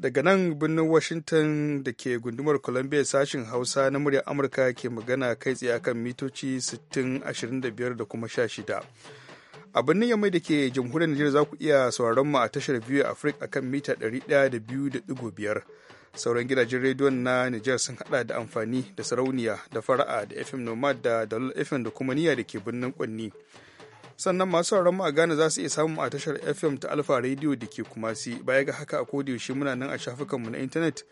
daga nan birnin washington da ke gundumar columbia sashen hausa na muryar amurka ke magana kai tsaye akan mitoci 6.25 da kuma 16 a birnin yamai da ke jamhuriyar nigeria za ku iya sauraron mu a tashar biyu afirka akan mita 102.5 sauran gidajen rediyon na niger sun hada da amfani da sarauniya da fara'a da fm nomad da dalol fm da kuma da ke birnin kwanni sannan masu sauran mu a Ghana za su iya samun a tashar FM ta Alfa Radio da ke Kumasi baya ga haka a yaushe muna nan a shafukanmu na intanet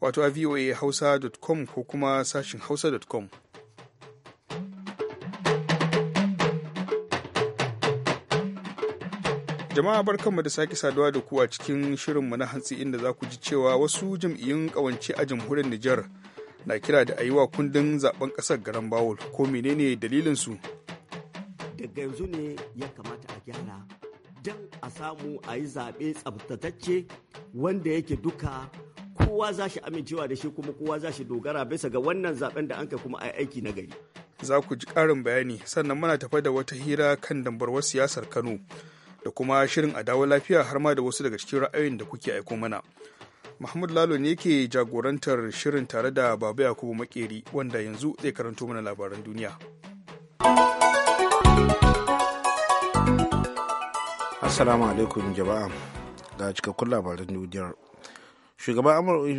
wato a voahausa.com ko kuma sashin hausa.com. Jama'a barkanmu da sake saduwa da ku a cikin mu na hantsi inda za ku ji cewa wasu jam'iyyun kawance a jamhuriyar Nijar na kira da a yi wa kundin zaben ƙasar garan bawul ko menene dalilinsu su daga yanzu ne ya kamata a gyara don a samu a yi zaɓe tsabtatacce wanda yake duka kowa za shi amincewa da shi kuma kowa za shi dogara bisa ga wannan zaɓen da an kai kuma a yi aiki na gari. Za ku ji ƙarin bayani sannan muna tafa da wata hira kan dambarwar siyasar Kano da kuma shirin a dawo lafiya har ma da wasu daga cikin ra'ayoyin da kuke aiko mana. Mahmud Lalo ne ke jagorantar shirin tare da babu Yakubu Makeri wanda yanzu zai karanto mana labaran duniya. Assalamu alaikum jama'a ga cikakkun labaran duniyar.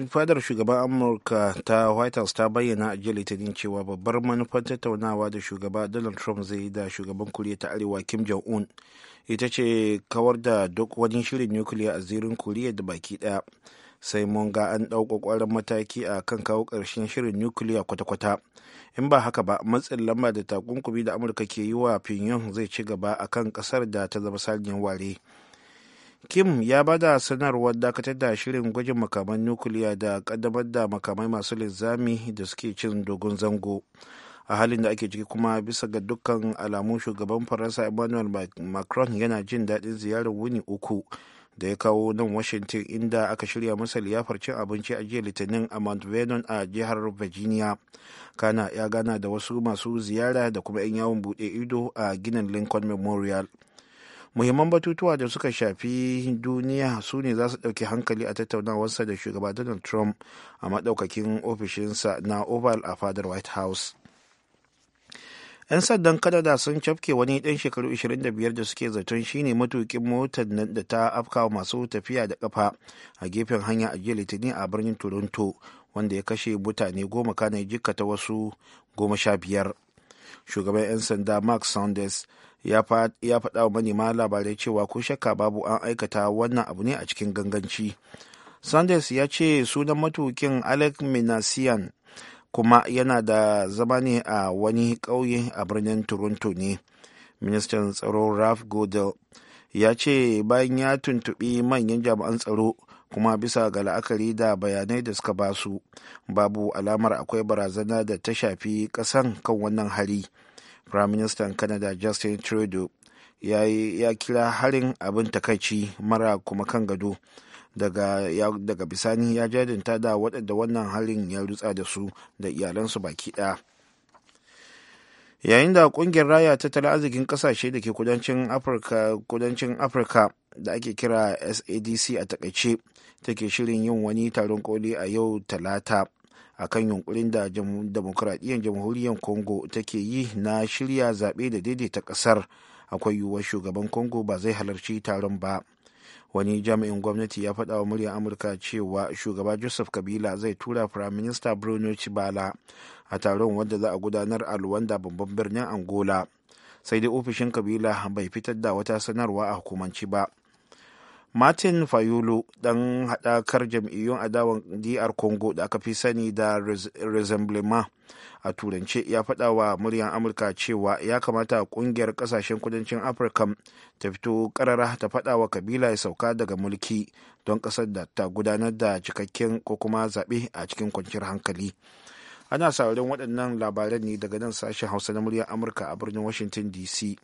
Fadar shugaban Amurka ta White House ta bayyana a jiya Litinin cewa babbar manufar tattaunawa da shugaba Donald Trump zai yi da shugaban Koriya ta Arewa Kim Jong-un ita ce kawar da duk wani shirin nukiliya a zirin Koriya da baki daya sai mun ga an ɗau ƙwaƙwaran mataki a kan kawo ƙarshen shirin nukiliya kwata-kwata in ba haka ba matsin lamba da takunkumi da amurka ke yi wa pyongyang zai ci gaba a kan ƙasar da ta zama sajin ware kim ya ba da sanarwar dakatar da shirin gwajin makaman nukiliya da ƙaddamar da makamai masu linzami da suke cin dogon zango a halin da ake ciki kuma bisa ga dukkan alamun shugaban faransa emmanuel macron yana jin daɗin ziyarar wuni uku da ya kawo nan washington inda aka shirya masa liyafar cin abinci a jiya litinin a mount vernon a jihar virginia kana ya gana da wasu masu ziyara da kuma 'yan yawon bude ido a ginin lincoln memorial muhimman batutuwa da suka shafi duniya su ne za su ɗauki hankali a tattaunawarsa da shugaba donald trump a maɗaukakin ofishinsa na oval a fadar white house 'yan sandan kanada sun cafke wani dan shekaru 25 da suke zaton shine matukin motar nan da ta afkawa masu tafiya da kafa a gefen hanya a jiya litini a birnin toronto wanda ya kashe mutane goma kana ta wasu goma sha biyar shugaban 'yan sanda mark saunders ya faɗa wa manema labarai cewa ko shakka babu an aikata wannan abu ne a cikin ganganci sanders ya ce sunan matukin alec minasian kuma yana da zama ne a wani ƙauye a birnin toronto ne ministan tsaro raf godel ya ce bayan ya tuntuɓi manyan jami'an tsaro kuma bisa ga la'akari da bayanai da suka ba su babu alamar akwai barazana da ta shafi ƙasan kan wannan hari prime minister canada justin trudeau ya kira harin abin takaici mara kuma kan gado daga bisani ya jadinta da waɗanda wannan halin ya rutsa da su da iyalansu baki ɗaya yayin da ƙungiyar raya ta tattalin arzikin ƙasashe da ke kudancin afirka kudancin afirka da ake kira sadc a takaice take shirin yin wani taron koli a yau talata a kan yunkurin da demokuraɗiyyar jamhuriyar congo take yi na shirya zaɓe da daidaita ƙasar akwai yiwuwar shugaban congo ba zai halarci taron ba wani jami'in gwamnati ya faɗa wa muryar amurka cewa shugaba joseph kabila zai tura prime minister bruno chibala a taron wanda za a gudanar a luwanda babban birnin angola sai dai ofishin kabila bai fitar da wata sanarwa a hukumanci ba martin fayulu dan haɗakar jam'iyyun adawan dr congo da aka fi sani da resemblement a turance ya faɗa wa muryar amurka cewa ya kamata ƙungiyar ƙasashen kudancin afirka ta fito ƙarara ta faɗa wa kabila ya sauka daga mulki don ƙasar da ta gudanar da cikakken ko kuma zaɓe a cikin kwanciyar hankali ana sauran waɗannan labaran ne daga nan sashen hausa na muryar amurka a birnin washington dc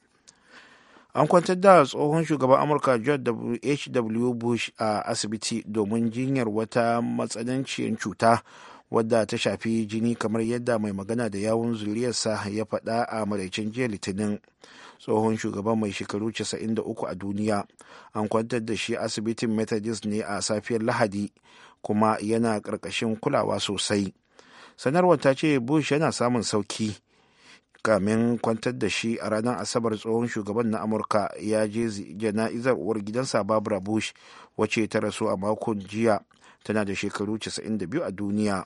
an kwantar da tsohon shugaban amurka george hw bush a asibiti domin jinyar wata matsananciyar cuta wadda ta shafi jini kamar yadda mai magana da yawun zuriyarsa ya faɗa a maraicin jiya litinin tsohon shugaban mai shekaru 93 a duniya an kwantar da shi asibitin methodist ne a safiyar lahadi kuma yana ƙarƙashin kulawa sosai sanarwar ta ce bush yana samun sauki kamin kwantar da shi a ranar asabar tsohon shugaban na amurka ya je jana'izar uwar gidansa barbara bush wacce ta rasu a makon jiya tana da shekaru 92 a duniya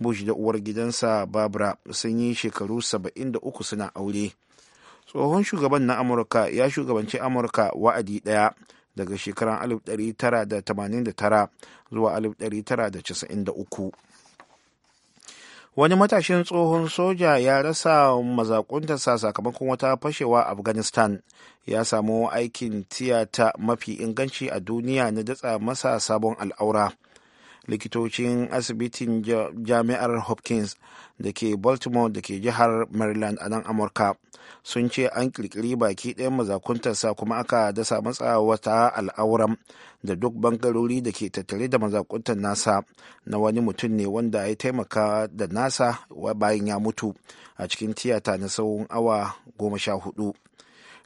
bush da uwar gidansa barbara sun yi shekaru 73 suna aure tsohon shugaban na amurka ya shugabanci amurka wa'adi daya daga shekarar 1989 zuwa 1993 wani matashin tsohon soja ya rasa mazakuntarsa sakamakon wata fashewa afghanistan ya samu aikin tiyata mafi inganci a duniya na datsa masa sabon al'aura likitocin asibitin jami'ar hopkins da ke baltimore da ke jihar maryland a nan amurka sun ce an kirkiri baki ɗayan mazakuntarsa kuma aka dasa matsa wata al'auran da duk bangarori da ke tattare da mazakuntar nasa na wani mutum ne wanda ya taimaka da nasa bayan ya mutu a cikin tiyata na tsawon awa goma sha hudu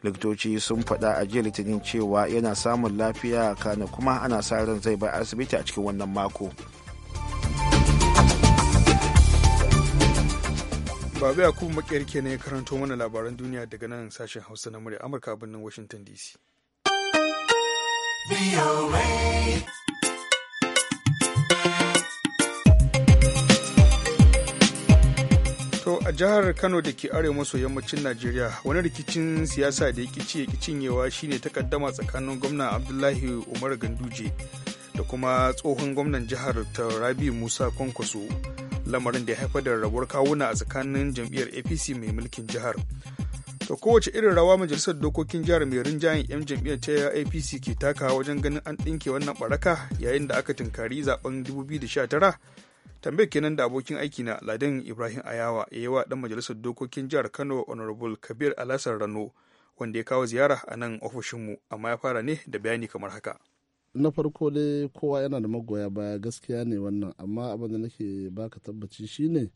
likitoci sun faɗa a jiya litinin cewa yana samun lafiya kana kuma ana sa ran zai bar asibiti a cikin wannan mako babu yakubu makirke ne karanto mana labaran duniya daga nan sashen hausa na murya amurka birnin washington dc a jihar Kano da ke arewa maso yammacin Najeriya wani rikicin siyasa da ya kici ya cinyewa shine takaddama tsakanin gwamna Abdullahi Umar Ganduje da kuma tsohon gwamnan jihar ta Rabi Musa Kwankwaso lamarin da ya haifar da rabuwar kawuna a tsakanin jam'iyyar APC mai mulkin jihar. To kowace irin rawa majalisar dokokin jihar mai rinjayen 'yan jam'iyyar ta APC ke takawa wajen ganin an ɗinke wannan baraka yayin da aka tunkari zaben 2019 tambayar kenan da abokin aikina na ladan ibrahim ayawa ya yi wa dan majalisar dokokin jihar kano honorable kabir alasan rano wanda ya kawo ziyara a nan ofishinmu amma ya fara ne da bayani kamar haka na farko dai kowa yana da magoya baya gaskiya ne wannan amma abin da nake baka tabbaci shine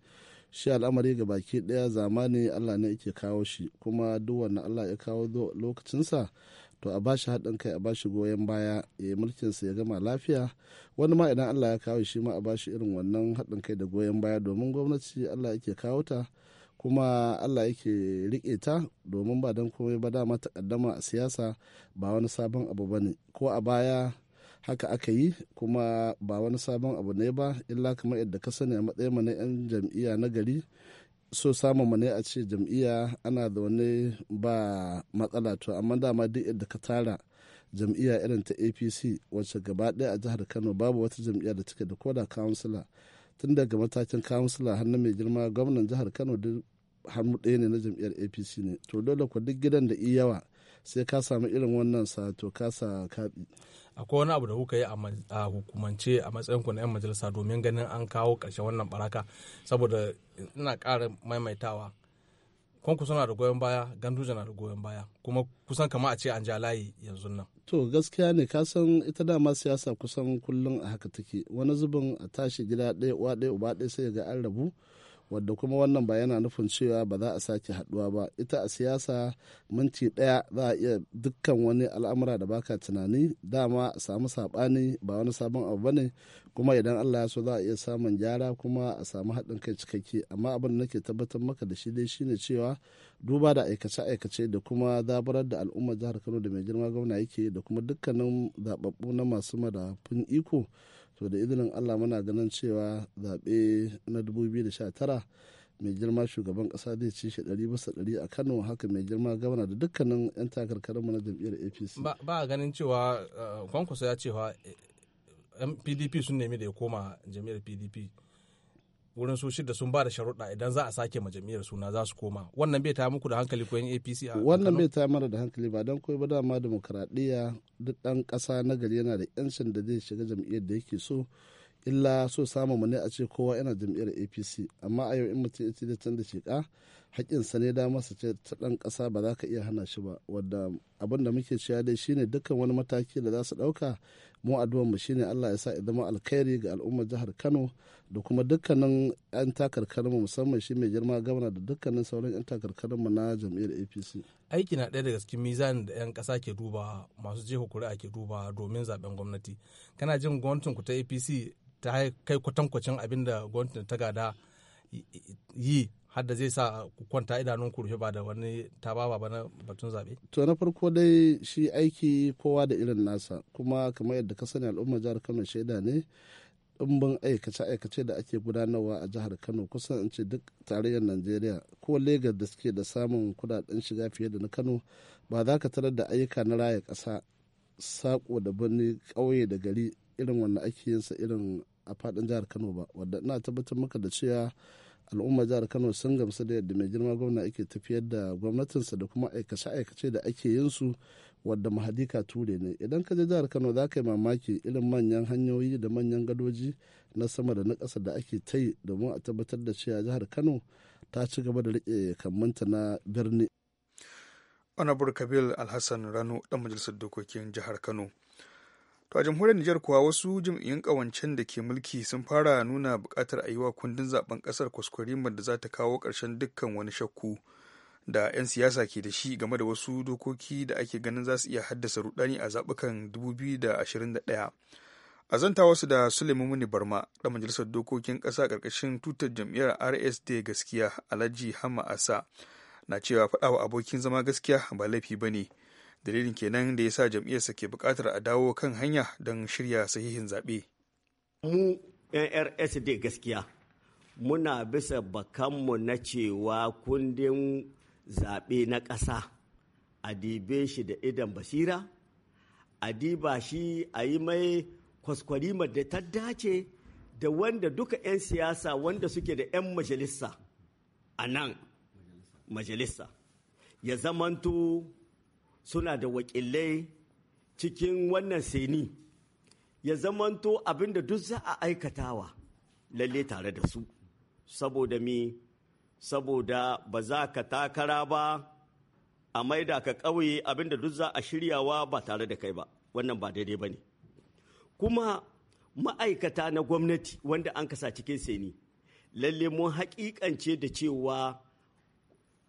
shi al'amari ga baki ɗaya zamani allah ne yake kawo shi kuma duk wani allah ya kawo lokacinsa to a bashi haɗin kai a bashi goyon baya ya yi mulkinsa ya gama lafiya wani ma idan allah ya kawo shi ma a bashi irin wannan haɗin kai da goyon baya domin gwamnati allah yake kawo ta kuma allah yake riƙe ta domin ba don komai ba dama takaddama a siyasa ba wani sabon abu ba ne ko a baya haka aka yi kuma ba wani sabon abu ne ba illa kamar yadda ka sani a matsayin mana 'yan jam'iyya na gari so samun a ce jam'iyya ana da wani ba matsala to amma dama duk yadda ka tara jam'iyya irin ta apc wacce gaba ɗaya a jihar kano babu wata jam'iyya da take da koda kansila tun daga matakin kansila har na mai girma gwamnan jihar kano duk hannu ɗaya ne na jam'iyyar apc ne to dole ku duk gidan da iyawa sai ka samu irin wannan sa to kasa kaɗi akwai wani abu da kuka yi a hukumance a matsayin ku na 'yan majalisa domin ganin an kawo ƙarshen wannan baraka saboda ina ƙara maimaitawa kusa suna da goyon baya ganduja na da goyon baya kuma kusan kama a ce an ja layi yanzu nan to gaskiya ne ka san ita dama siyasa kusan kullum a haka take wani zubin a tashi gida ɗaya uwa ɗaya uba ɗaya sai ga an rabu wadda kuma wannan ba yana nufin cewa ba za a sake haduwa ba ita a siyasa minti daya za a iya dukkan wani al'amura da baka tunani dama a samu saɓani ba wani sabon abu bane kuma idan Allah ya so za a iya samun gyara kuma a samu haɗin kai cikakke amma abin da nake tabbatar maka da shi dai shine cewa duba da aikace-aikace da kuma zaburar da al'ummar jihar Kano da mai girma gwamna yake da kuma dukkanin zababbu na masu madafun iko so da izinin allah muna ganin cewa zaɓe na 2019 mai girma shugaban ƙasa zai ci shi ɗari bisa a kano haka mai girma gabana da dukkanin 'yan takarkarinmu na jam'iyyar apc ba a ganin cewa eh, kwankwaso ya cewa pdp eh, sun nemi da ya koma jam'iyyar pdp wurin su shida sun ba da sharuɗa idan za a sake ma jam'iyyar suna za su koma wannan bai ta muku da hankali ko yan apc a wannan bai ta mara da hankali ba don koyi ba ma demokradiyya duk ɗan ƙasa na gari yana da yancin da zai shiga jam'iyyar da yake so illa so samu mu ne a ce kowa yana jam'iyyar apc amma a yau in mutum ya da can da sheƙa sa ne dama su ce ta ɗan ƙasa ba za ka iya hana shi ba wanda abin da muke cewa dai shine dukkan wani mataki da za su ɗauka mu addu'ar mu shine Allah ya sa ya zama alkhairi ga al'ummar jihar Kano da kuma dukkanin 'yan takarkarin mu musamman shi mai girma gwamna da dukkanin sauran 'yan takarkarin mu na jam'iyyar APC. Aiki na ɗaya daga cikin mizan da 'yan ƙasa ke duba masu jefa kuri'a ke duba domin zaben gwamnati. Kana jin gwamnatin ku ta APC ta kai kwatankwacin abin da gwamnatin ta gada yi har da zai sa ku kwanta idanun ku rufe ba da wani tababa ba na batun zaɓe? To na farko dai shi aiki kowa da irin nasa kuma kamar yadda ka sani al'ummar jihar Kano shaida ne ɗumbin aikace-aikace da ake gudanarwa a jihar Kano kusan in ce duk tarayyar Najeriya ko Legas da suke da samun kudaden shiga fiye da na Kano ba za ka tarar da ayyuka na raya kasa sako da birni kauye da gari irin wannan ake yinsa irin a faɗin jihar Kano ba wadda ina tabbatar maka da cewa al'ummar jihar kano sun gamsu da yadda mai girma gwamna ake tafiyar da gwamnatinsa da kuma aikace-aikace da ake yin su wadda mahadika ture ne idan ka je jihar kano za ka yi mamaki irin manyan hanyoyi da manyan gadoji na sama da na ƙasa da ake ta yi domin a tabbatar da cewa jihar kano ta ci gaba da riƙe kammanta na birni honorable kabil alhassan rano dan majalisar dokokin jihar kano To a jamhuriyar Nijar kuwa wasu jam'iyyun kawancen da ke mulki sun fara nuna buƙatar a yi wa kundin zaben ƙasar kwaskwarimar da za ta kawo ƙarshen dukkan wani shakku da 'yan siyasa ke da shi game da wasu dokoki da ake ganin za su iya haddasa rudani a zaɓukan 2021. A zanta wasu da Suleiman Muni Barma, da majalisar dokokin ƙasa ƙarƙashin tutar jam'iyyar RSD gaskiya Alhaji Hama Asa na cewa faɗawa abokin zama gaskiya ba laifi ba ne. dalilin kenan da ya sa jam'iyyarsa ke buƙatar a dawo kan hanya don shirya sahihin zaɓe. mu nrsd gaskiya muna bisa bakanmu na cewa kundin zaɓe na ƙasa a dibe shi da idan basira a diba shi a yi mai kwaskwarimar da ta dace da wanda duka 'yan siyasa wanda suke da 'yan majalisa a nan majalisa ya zamanto suna da wakilai cikin wannan seni ya zamanto abin da duk za a aikatawa lalle tare da su saboda mi saboda ba za ka takara ba a maida ka ƙauye abin da duk za a shiryawa ba tare da kai ba wannan ba daidai ba ne kuma ma'aikata na gwamnati wanda an kasa cikin seni lalle mun haƙiƙance da cewa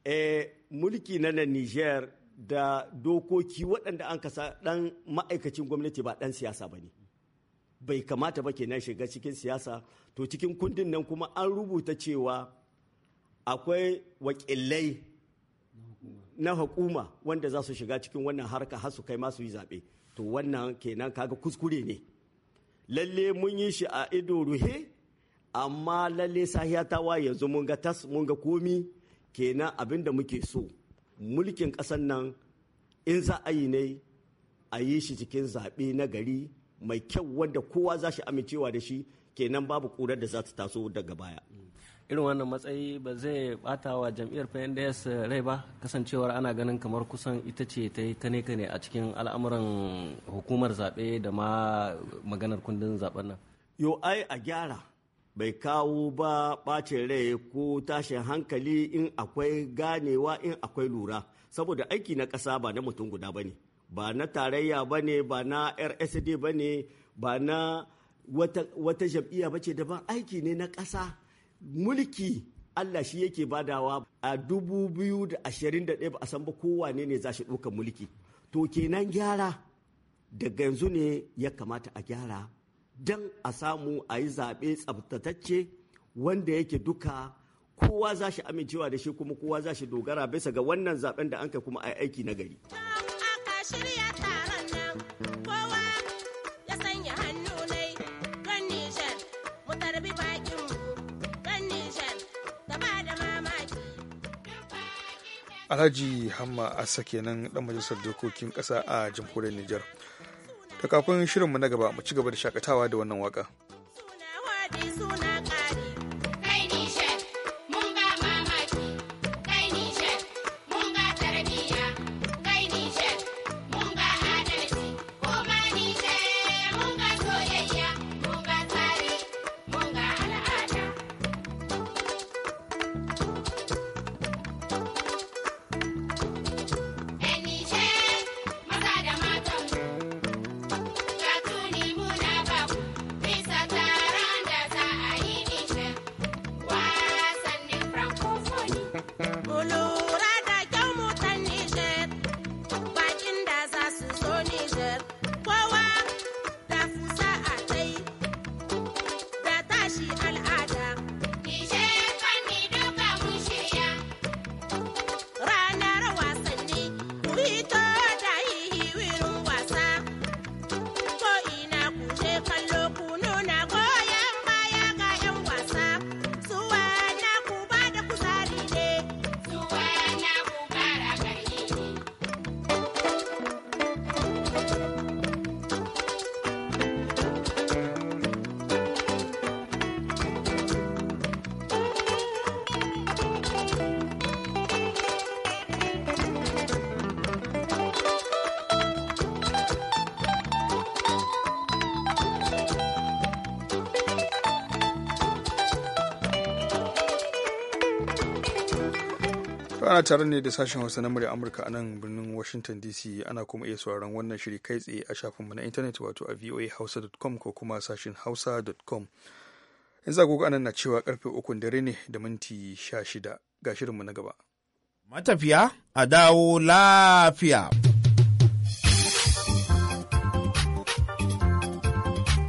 eh, mulki na na niger da dokoki waɗanda an kasa ɗan ma'aikacin gwamnati ba ɗan siyasa ba ne bai kamata ba kenan shiga cikin siyasa to cikin kundin nan kuma an rubuta cewa akwai wakilai na hukuma wanda za su shiga cikin wannan harka har su kai masu yi zaɓe to wannan kenan kaga kuskure ne lalle mun yi shi a ido ruhe amma lalle sahiya ta waye yanzu mun ga tas mun ga komi kenan abin da muke so mulkin ƙasar nan in za a yi ne a yi shi cikin zaɓe na gari mai kyau wadda kowa za shi amincewa da shi kenan babu ƙurar da za ta taso daga baya irin wannan matsayi ba zai bata wa jam'iyyar pnds rai ba kasancewar ana ganin kamar kusan ita ce ta yi kane kane a cikin al'amuran hukumar zaɓe da ma maganar kundin zaɓen nan yo ai a gyara bai kawo ba ɓacin rai ko tashin hankali in akwai ganewa in akwai lura saboda aiki na ƙasa ba na mutum guda ba ne ba na tarayya ba ne ba na rsd ba ne ba na wata, wata jam'iyya ba ce daban aiki ne na ƙasa mulki Allah shi yake badawa a dubu biyu da ashirin da ɗaya ba a san ba kowane ne za shi ɗaukar mulki to kenan gyara daga yanzu ne ya kamata a gyara don a samu a yi zaɓe tsabtatacce wanda yake duka kowa za shi amincewa da shi kuma kowa za shi dogara bisa ga wannan zaɓen da an kai kuma a aiki na gari. Alhaji Hamma Asa kenan ɗan majalisar dokokin ƙasa a jamhuriyar Nijar. ta kafin shirinmu na gaba mu ci gaba da shakatawa da wannan waka. To ana tare ne da sashen Hausa na murya Amurka a nan birnin Washington DC ana kuma iya sauraron wannan shiri kai tsaye a shafinmu na intanet wato a voahausa.com ko kuma sashen hausa.com. Yanzu agogo anan na cewa karfe uku dare ne da minti sha shida ga shirinmu na gaba. Matafiya a dawo lafiya.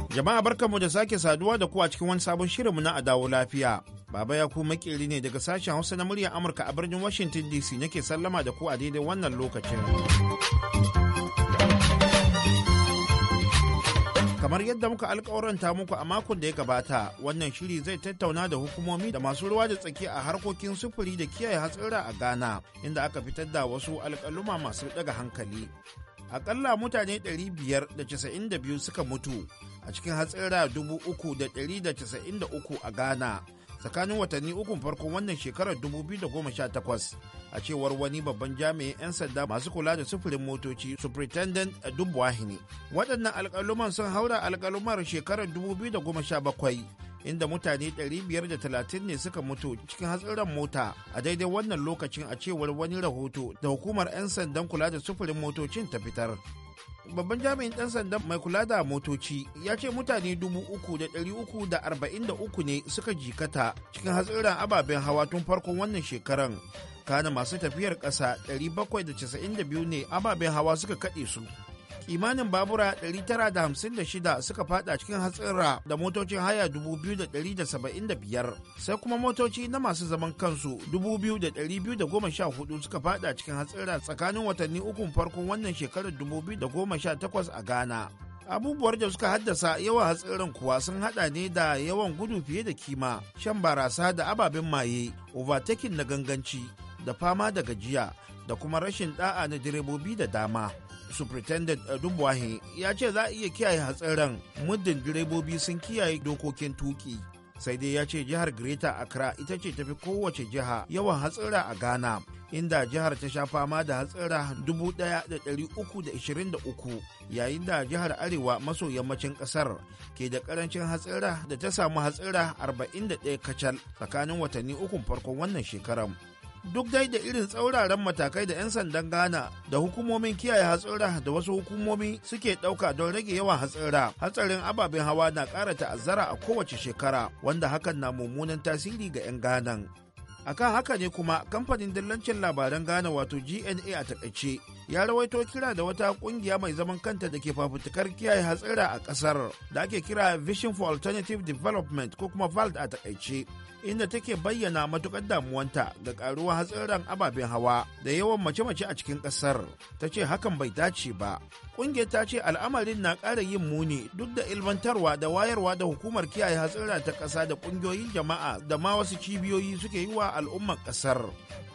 Jama'a barkanmu da sake saduwa da ku a cikin wani sabon shirinmu na a dawo lafiya. Baba ya ku makeri ne daga sashen Hausa na muryar Amurka a birnin Washington DC nake sallama da ku a daidai wannan lokacin. Kamar yadda muka alkawaranta muku a makon da ya gabata, wannan shiri zai tattauna da hukumomi da masu ruwa da tsaki a harkokin sufuri da kiyaye hatsira a Ghana, inda aka fitar da wasu alƙaluma masu daga hankali. Akalla mutane 592 suka mutu a cikin hatsira 3,393 a Ghana. tsakanin watanni ukun farko wannan shekarar 2018 a cewar wani babban jami'in 'yan sanda masu kula da sufurin motoci superintendent dubuwahini waɗannan alƙaluman sun haura alƙalumar shekarar 2017 inda mutane 530 ne suka mutu cikin hatsarin mota a daidai wannan lokacin a cewar wani rahoto da hukumar 'yan sandan kula da sufurin motocin ta fitar babban jami'in ɗan sanda mai kula da motoci ya ce mutane dubu uku da ɗari uku da arba'in da uku ne suka jikata cikin hatsarin ababen hawa tun farkon wannan shekaran kana masu tafiyar ƙasa ɗari bakwai da casa'in da biyu ne ababen hawa suka kaɗe su Imanin babura 956 suka fada cikin hatsira da motocin haya biyar, sai kuma motoci na masu zaman kansu 2,214 suka fada cikin hatsira tsakanin watanni ukun farkon wannan shekarar 2018 a ghana abubuwar da suka haddasa yawan hatsirin kuwa sun hada ne da yawan gudu fiye da kima shan barasa da ababen maye overtaking na ganganci da fama da gajiya da kuma rashin da'a na direbobi da dama Superintendent Dumbuahi ya ce za a iya kiyaye hatsaran muddin direbobi sun kiyaye dokokin tuki. Sai dai ya ce jihar Greater Accra ita ce tafi kowace jiha yawan hatsara a Ghana, inda jihar ta sha fama da hatsara 1,323 yayin da jihar Arewa maso yammacin kasar ke da karancin hatsara da ta samu hatsara 41 kacal tsakanin watanni ukun farkon wannan shekarar. duk dai da irin tsauraran matakai da 'yan sandan ghana da hukumomin kiyaye hatsura da wasu hukumomi suke ɗauka don rage yawan hatsura hatsarin ababen hawa na ƙara ta'azzara a kowace shekara wanda hakan na mummunan tasiri ga 'yan Ghana. akan haka ne kuma kamfanin dillancin labaran ghana wato gna a takaice ya rawaito kira da wata kungiya mai zaman kanta da ke fafutukar kiyaye hatsira a kasar da ake kira vision for alternative development ko kuma vald a takaice inda take bayyana matukar damuwanta ga karuwar hatsiran ababen hawa da yawan mace-mace a cikin kasar ta ce hakan bai dace ba kungiyar ta ce al'amarin na ƙara yin muni duk da ilmantarwa da wayarwa da hukumar kiyaye hatsira ta ƙasa da ƙungiyoyin jama'a da ma wasu cibiyoyi suke yi wa al'ummar kasar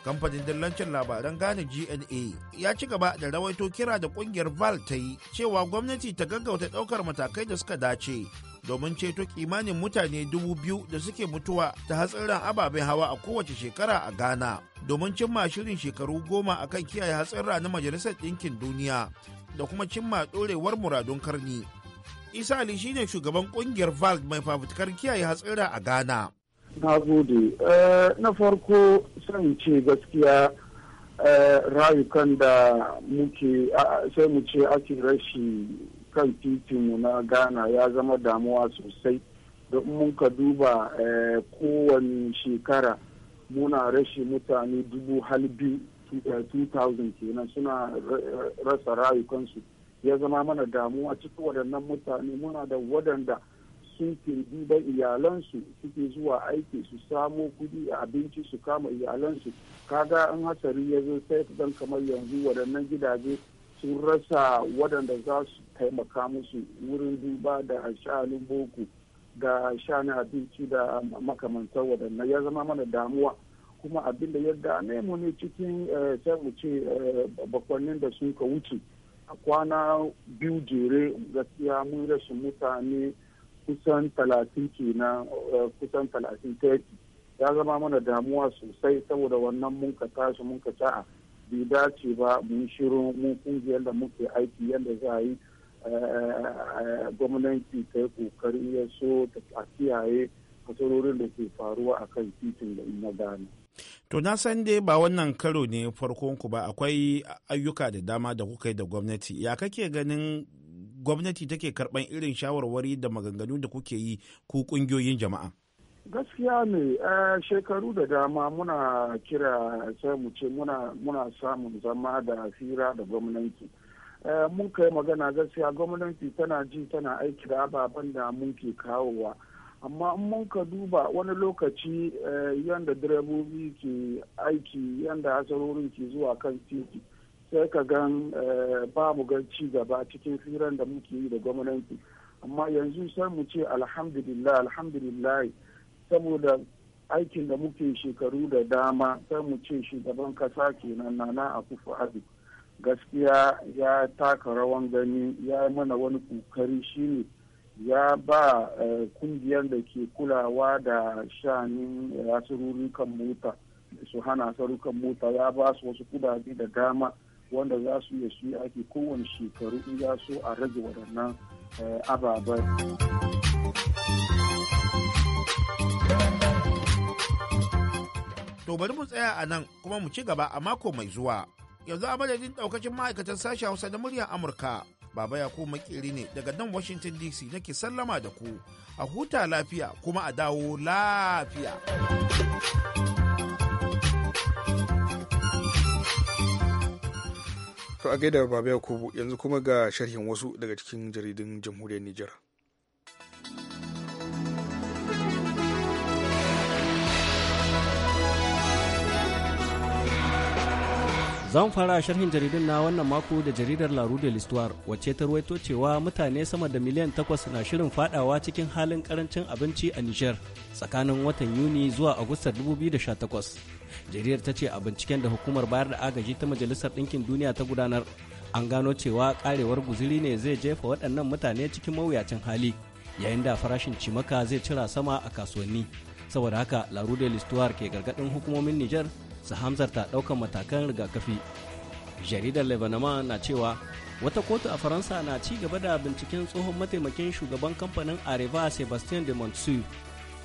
kamfanin dillancin labaran gane gna ya ci gaba da rawaito kira da kungiyar val ta yi cewa gwamnati ta gaggauta daukar matakai da suka dace domin ceto kimanin mutane dubu biyu da suke mutuwa ta hatsarin ababen hawa a kowace shekara a ghana domin cimma shirin shekaru goma a kan kiyaye hatsarra na majalisar ɗinkin duniya da kuma cimma ɗorewar muradun karni isa ali shine shugaban kungiyar val mai fafutukar kiyaye hatsira a ghana na gode eh, na farko son ce gaskiya eh, rayukan da muke sai mu ce ake rashi kan titinmu na ghana ya zama damuwa sosai don mun ka duba eh, kowane shekara muna rashi mutane dubu halbi 2000 kenan suna rasa rayukansu ya zama mana damuwa cikin waɗannan mutane muna da waɗanda sun ke duban iyalansu suke zuwa aiki su samo kudi a abinci su kama iyalansu kaga an hatsari ya zo sai dan kamar yanzu waɗannan gidaje sun rasa waɗanda za su taimaka musu wurin duba da shanun boko da shanun abinci da makamantar waɗannan ya zama mana damuwa kuma abin da ya dame mu ne cikin eh, sai eh, bakwannin da sun ka wuce a kwana biyu jere gaskiya mun rashin mutane kusan talatin kenan eh, kusan talatin turkey ya zama mana damuwa sosai saboda wannan mun ka tashi mun ka ta'a bai dace ba mun shiru mun kungiyar da muke aiki yadda za a yi eh, eh, gwamnati ta yi kokari ya so ta kiyaye kasarorin da ke faruwa a kan titin da ina gane. To na san dai ba wannan karo ne farkon ku ba akwai ayyuka da dama da kuka yi da gwamnati ya kake ganin gwamnati take karban irin shawarwari da maganganu da kuke yi ku kungiyoyin jama'a? Gaskiya ne shekaru da dama muna kira sai mu ce muna samun zama da hira da gwamnati. Mun kai magana gaskiya gwamnati tana ji tana aiki da ababen da mun ke kawowa. amma in mun ka duba wani lokaci eh, yadda direbobi ke aiki yadda hasarorin ke zuwa kan titi sai ka gan eh, ba mu ga ci gaba cikin firan da muke yi da gwamnati amma yanzu sai mu ce alhamdulillah alhamdulillah saboda aikin da muke shekaru da dama sai mu ce shugaban kasa kenan nana a kufu gaskiya ya taka rawan gani ya mana wani kokari shine ya ba eh, kungiyar da ke kulawa da shanin asirurikan mota su hana sarukan mota ya ba su wasu kudade da dama wanda za su iya su ake kowane shekaru in ya so a rage waɗannan eh, ababen. To bari mu tsaya a nan kuma mu ci gaba a mako mai zuwa. Yanzu a madadin ɗaukacin ma'aikatan sashen Hausa na muryar Amurka, Baba Yakubu Makeri ne daga nan Washington DC nake sallama da ku. A huta lafiya kuma a dawo lafiya. To a gaida Baba Yakubu yanzu kuma ga sharhin wasu daga cikin jaridun jamhuriyar Nijar. Zan fara sharhin jaridun na wannan mako da jaridar La Rue de l'Histoire wacce ta ruwaito cewa mutane sama da miliyan takwas na shirin fadawa cikin halin karancin abinci a Nijar tsakanin watan Yuni zuwa Agustar 2018. jaridar ta ce a binciken da hukumar bayar da agaji ta majalisar ɗinkin duniya ta gudanar an gano cewa karewar guziri ne zai jefa waɗannan mutane cikin mawuyacin hali yayin da farashin cimaka zai cira sama a kasuwanni saboda haka larude listuwar ke gargaɗin hukumomin nijar su hamzarta ɗaukar matakan rigakafi jaridar lebanama na cewa wata kotu a faransa na ci gaba da binciken tsohon mataimakin shugaban kamfanin areva sebastien de montsou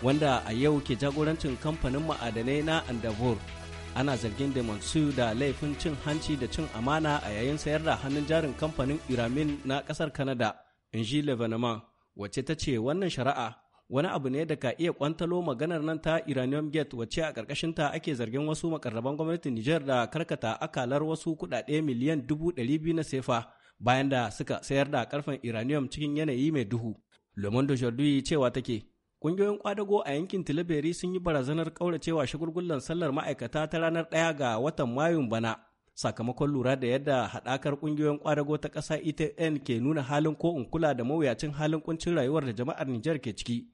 wanda a yau ke jagorancin kamfanin ma'adanai na andabur Ana zargin da Mansu da laifin cin hanci da cin amana a yayin sayar da hannun jarin kamfanin Iramin na kasar Canada, in ji Lebanon, wacce ta ce wannan shari'a wani abu ne da ka iya kwantalo maganar nan ta Iranium Gate wacce a ta ake zargin wasu makarraban gwamnatin niger da karkata akalar wasu kuɗaɗe miliyan dubu ɗari biyu na sefa bayan da suka sayar da karfen Iranium cikin yanayi mai duhu. lomondo jordi cewa take Ƙungiyoyin ƙwadago a yankin Tilaberi sun yi barazanar ƙauracewa shagulgullan sallar ma'aikata ta ranar ɗaya ga watan Mayun bana. Sakamakon lura da yadda haɗakar ƙungiyoyin ƙwadago ta ƙasa ETN ke nuna halin ko in kula da mawuyacin halin kuncin rayuwar da jama'ar Nijar ke ciki.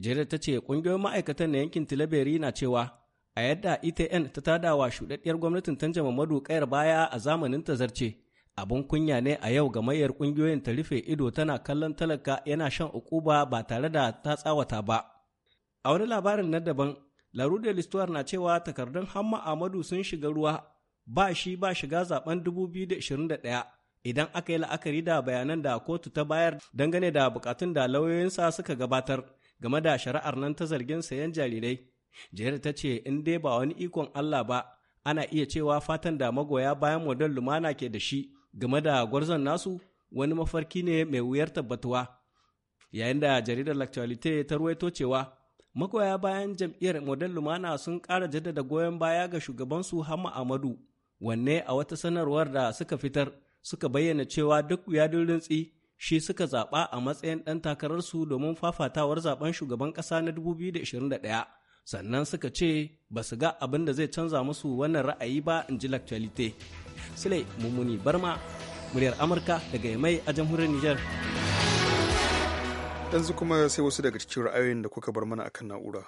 Jere ta ce ƙungiyoyin ma'aikatan na yankin Tilaberi na cewa a yadda ETN ta tada wa shuɗaɗɗiyar gwamnatin Tanja Mamadu kayar baya a zamanin ta zarce. abun kunya ne a yau ga gamayyar kungiyoyin ta rufe ido tana kallon talaka yana shan ukuba ba tare da ta tsawata ba a wani labarin na daban larude listuwar na cewa takardun hamma amadu sun shiga ruwa ba shi ba shiga zaben 2021 idan aka yi la'akari da bayanan da kotu ta bayar dangane da bukatun da lauyoyinsa suka gabatar game da shari'ar nan ta zargin sayan jarirai jihar ta ce in dai ba wani ikon allah ba ana iya cewa fatan da magoya bayan model lumana ke da shi game da gwarzon nasu wani mafarki ne mai wuyar tabbatuwa yayin da jaridar l'actualité ta ruwaito cewa magoya bayan jam'iyyar model lumana sun ƙara jaddada goyon baya ga shugabansu hama amadu wanne a wata sanarwar da suka fitar suka bayyana cewa duk yadin rintsi shi suka zaɓa a matsayin ɗan takararsu domin fafatawar zaben shugaban ƙasa na 2021 sannan suka ce ba su ga abin da zai canza musu wannan ra'ayi ba in ji lactualite sule mummuni barma muryar amurka daga mai a jamhuriyar niger yanzu kuma sai wasu daga cikin ra'ayoyin da kuka bar mana akan na'ura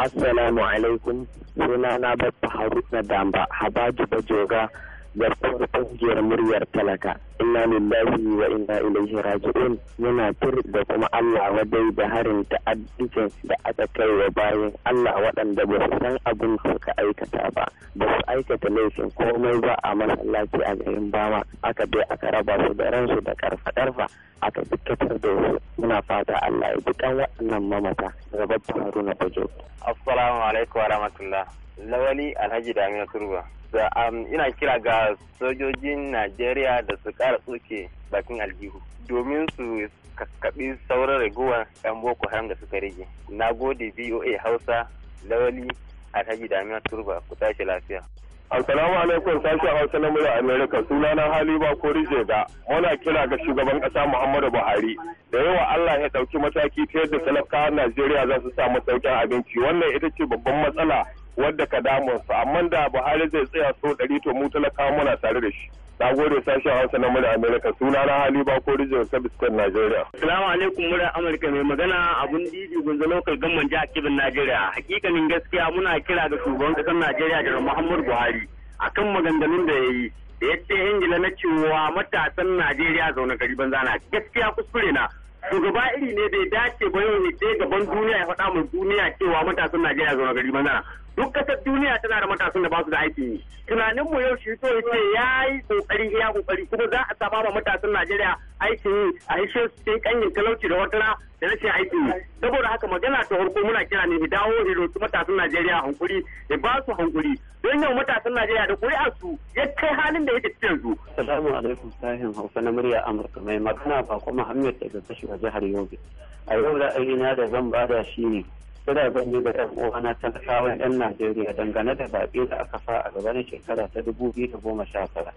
assalamu alaikum suna na babba haruna damba habaji bajoga garkuwar kungiyar muryar talaka inna lillahi wa inna ilaihi raji'un yana tur da kuma Allah wadai da harin ta'addikin da aka kai wa bayan Allah waɗanda ba su san abin suka aikata ba ba su aikata laifin komai ba a masallaci a garin bama aka bai aka raba su da ransu da karfa-karfa aka dukkatar da su muna fata Allah ya bi kan waɗannan mamata gaba Haruna Bajo. Assalamu alaikum wa rahmatullah. lawali alhaji amina turba da um, ina kira ga sojojin najeriya da su kara tsoke bakin aljihu domin su kakkaɓi sauran ragowar 'yan boko haram da suka rage na gode voa hausa lawali alhaji amina turba ku tashi lafiya Assalamu alaikum sashen Hausa na a Amerika suna na hali ba ko rije da muna kira ga shugaban kasa Muhammadu Buhari da yawa Allah ya dauki mataki ta yadda talakawa Najeriya za su samu saukin abinci wannan ita ce babban matsala wadda ka damunsa amma da buhari zai tsaya so ɗari to mu talaka muna tare da shi na gode sashen hausa na murya amerika suna na hali ba ko rijiyar sabiskan najeriya salamu alaikum murya amurka mai magana abun didi gunzo lokal gamman jihar kibin najeriya hakikanin gaskiya muna kira ga shugaban kasar najeriya da muhammadu buhari akan maganganun da ya yi da ya ce ingila na cewa matasan najeriya zaune gari banza na gaskiya kuskure na shugaba iri ne bai dace ba yau ne gaban duniya ya faɗa mu duniya cewa matasan najeriya zaune gari banza na duk kasar duniya tana da matasan da ba su da aiki yi tunanin mu yau shi ce ya yi kokari ya kokari kuma za a saba ma matasan Najeriya aiki yi a hishe su cikin kanyin talauci da wata da rashin aiki yi saboda haka magana ta farko muna kira ne mu dawo su matasan Najeriya hankuri da ba su hankuri don yau matasan Najeriya da kuri'ar su ya kai halin da yake cikin su salamu alaikum sahin Hausa na murya Amurka mai magana ba kuma Muhammad daga a jihar Yobe a yau na da zan bada shi ne kira zan da 'yan uwa na talakawan yan najeriya dangane da zaɓe da aka fa a gaba na shekara ta dubu biyu da goma sha tara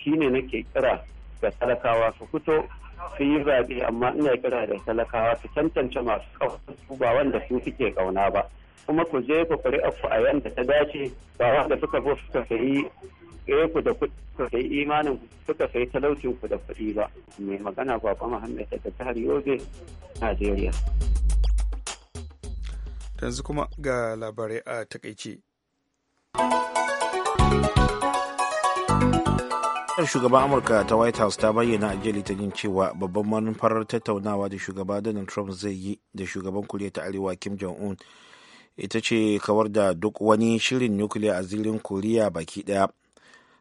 shine nake kira da talakawa su fito su yi zaɓe amma ina kira da talakawa su tantance masu ƙaunar ba wanda su suke ƙauna ba kuma ku je ku kuri ku a yanda ta dace ba wanda suka zo suka sayi ku da sayi imanin suka sayi talaucin ku da kuɗi ba mai magana baba muhammad daga jihar yobe najeriya yanzu kuma ga labarai a takaice. shugaban amurka ta white house ta bayyana a jiya litinin cewa babban manufar tattaunawa da shugaba donald trump zai yi da shugaban kuriya ta arewa kim jong-un ita ce kawar da duk wani shirin nukiliya a zirin koriya baki daya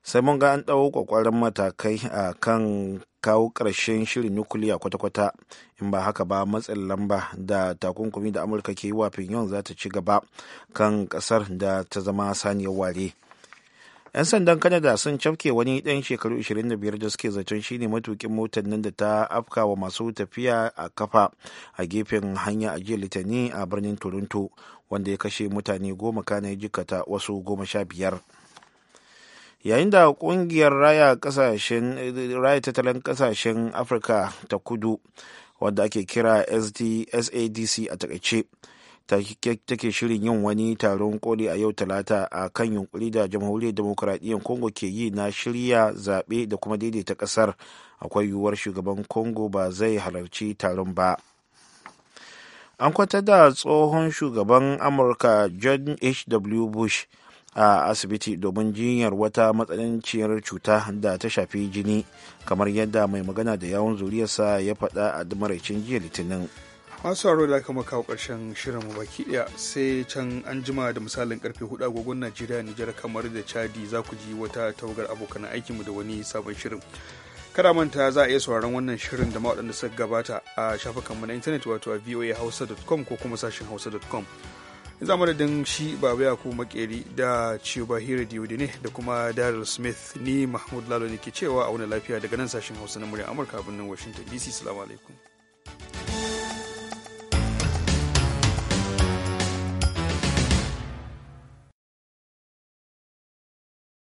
sai mun ga an ɗau ƙwaƙwaran matakai a kan kawo karshen shirin nukiliya kwata-kwata in ba haka ba matsin lamba da takunkumi da amurka ke yi wa pyongyang za ta ci gaba kan ƙasar da ta zama saniyar ware 'yan sandan kanada sun cafke wani ɗan shekaru 25 da suke zaton shine matukin motar nan da ta afka wa masu tafiya a kafa a gefen hanya a jiya litani a birnin toronto wanda ya kashe mutane goma kana jikata wasu goma sha biyar yayin da kungiyar raya kasashen raya tattalin kasashen afirka ta kudu wadda ake kira sadc a takaice take shirin yin wani taron koli a yau talata a kan yunkuri da jamhuriyar demokuraɗiyyar congo ke yi na shirya zaɓe da kuma daidaita ƙasar akwai yiwuwar shugaban congo ba zai halarci taron ba an kwata da tsohon shugaban amurka john h bush a asibiti domin jinyar wata matsananciyar cuta da ta shafi jini kamar yadda mai magana da yawon zuriyarsa ya faɗa a maraicin jiya litinin masu haro da aka maka karshen shirin baki daya sai can an jima da misalin karfe hudu agogon najeriya nijar kamar da chadi za ku ji wata tawagar abokan aikinmu da wani sabon shirin kada manta za a iya sauraron wannan shirin da waɗanda suka gabata a shafukanmu na intanet wato a voahausa.com ko kuma sashen hausa.com za mu da shi baba yaku makeri da chibahira diodine da kuma daryl smith ni mahmud lalo ne ke cewa a wani lafiya daga nan sashen hausa na murya amurka birnin washington dc salamu alaikum